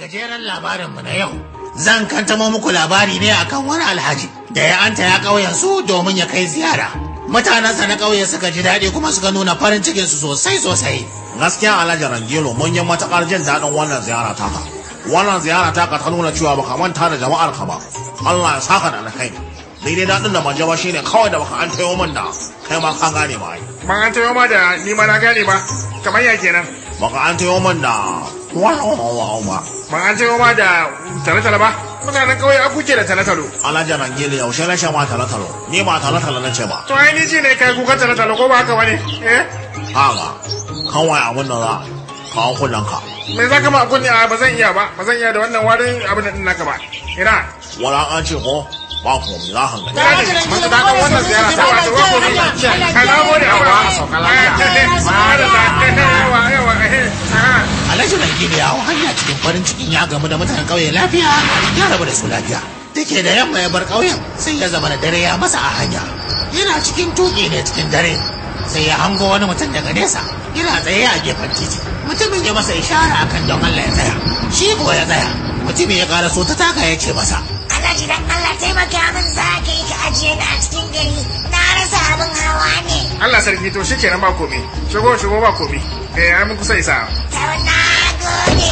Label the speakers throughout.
Speaker 1: gajeren labarinmu na yau zan kantamo muku labari ne akan wani alhaji da ya anta ya ƙauyen su domin ya kai ziyara mutanensa na ƙauye suka ji daɗi kuma suka nuna farin cikin su sosai sosai gaskiya alhaji rangelo mun yi matuƙar jin daɗin wannan ziyara ta wannan ziyara ta ka ta nuna cewa baka manta da jama'ar ka ba Allah ya saka da alkhairi ni dai dadin da manja ba shine kawai da baka an tayo min da kai ma ka gane ba ai
Speaker 2: ban an tayo ma da ni ma na gane ba kamar ya kenan
Speaker 1: baka an tayo min da wawa ba
Speaker 2: ban an tayo ma da talatala ba Muna nan kawai a
Speaker 1: kuke da talatalo alhaji gele yaushe na sha ma talatalo ni ba talatalo na ce ba
Speaker 2: to ai ni ne kai kuka talatalo ko ba haka bane eh
Speaker 1: ha kawai abin da za kawo kuɗin ka
Speaker 2: me za ka ma kunni a ba zan iya ba ba zan iya da wannan warin abin din naka ba ina
Speaker 1: wala an ce ko ba ku mu na hanga
Speaker 2: da ne mun da wannan ziyara ta ba ruwa ko ne
Speaker 1: kana mu ne ba so kala. sauka
Speaker 2: lafiya ba da wa ya ta yawa yawa
Speaker 1: Alhaji Rangida ya hanya cikin farin cikin ya gamu da mutanen kauye lafiya ya rabu da su lafiya. Take da yamma ya bar kauyen sai ya zama da dare ya masa a hanya. Yana cikin tuki ne cikin dare sai ya hango wani mutum daga nesa yana tsaye a gefen titi. mutumin ya masa ishara akan don Allah ya tsaya shi ko ya tsaya mutumin ya kara so ta taka ya ce masa alhaji dan Allah taimaka min za ka yi ka ajiye ni a cikin gari na rasa abin hawa
Speaker 2: ne Allah sarki to shi kenan ba komi shigo shigo ba komi eh ai mun kusa isa na
Speaker 1: gode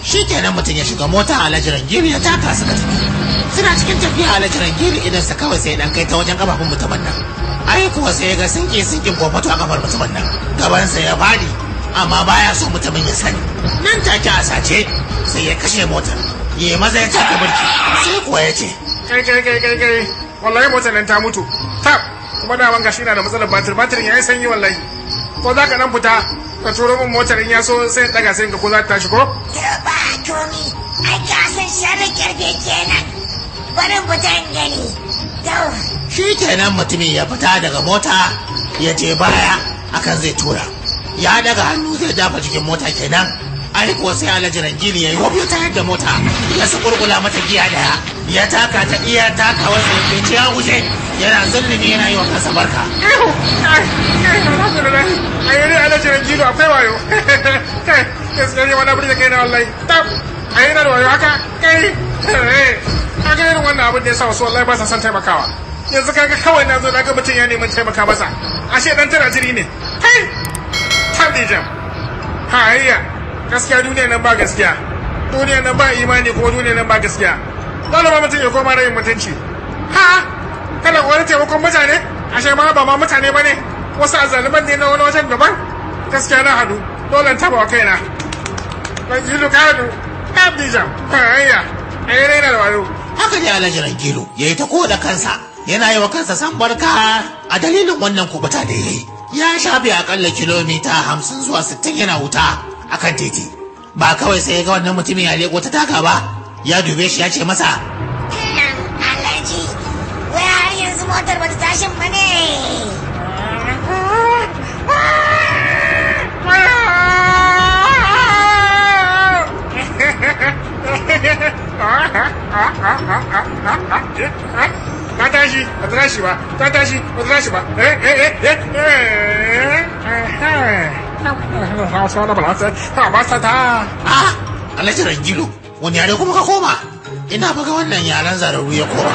Speaker 1: shi kenan mutum ya shiga mota alhaji giri ya taka suka tafi suna cikin tafiya alhaji giri idan sa kawai sai dan kai ta wajen kafafun mutumin nan ai kuwa sai ga sinke sinkin kofato a kafar mutumin nan gabansa ya fadi amma baya so mutumin ya sani nan take a sace sai ya kashe motar ya maza ya taka birki sai kuwa ya ce
Speaker 2: kai kai kai kai kai wallahi motar nan ta mutu ta kuma da wanga shi na da matsalar batir batir ya yi sanyi wallahi ko za ka nan fita ka turo min motar in ya so sai daga sai ka ko za ta tashi
Speaker 1: ko ba komi ai ka san
Speaker 2: sharri karfe kenan
Speaker 1: barin fitan gani shi kenan mutumin ya fita daga mota ya je baya akan zai tura ya daga hannu zai dafa cikin mota kenan ai kuwa sai alhaji rangini ya yi ta yadda mota ya su kurkula mata giya daya ya taka ta iya taka wasu ya ce ya wuce yana zulmi yana yi wa kansa barka a
Speaker 2: da kai na wallahi tab yanzu kaga kawai na zo na ga mutum ya neman taimaka masa ashe dan tana jiri ne television hayayya gaskiya duniya nan ba gaskiya duniya nan ba imani ko duniya nan ba gaskiya dole ba mutum ya koma rayin mutunci ha kana wani taimakon mutane ashe ma ba ma mutane ba ne wasu azaliman ne na wani wajen daban gaskiya na hadu dole taba kai kaina
Speaker 1: ban ji lukadu abdijan hayayya ayya yi yana da wani. haka ne alaji rankilu ya yi ta da kansa yana yi wa kansa san barka a dalilin wannan kubuta da ya yi ya shafe akalla kilomita hamsin zuwa sittin yana wuta a kan titi ba kawai sai ya ga wannan mutumin ya leko ta taka ba ya dube shi ya ce masa
Speaker 2: alhaji wai har yanzu motar ba tashin ba ne ba ta tashi ba ta tashi ba ta tashi ba eh eh eh eh, eh, eh, eh.
Speaker 1: Ah, Alhaji Rangilu, wani yare kuma ka koma? Ina faga wannan yaren zararru ya koma.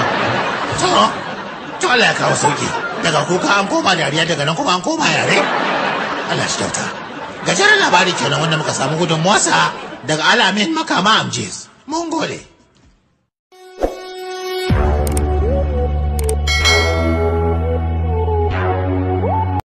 Speaker 1: To, to Allah ya kawo sauki. Daga kuka an koma dariya daga nan kuma an koma yare. Allah shi kyauta. Gajeren labari kenan wanda muka samu gudun wasa daga alamin makama amjes. Mun gode.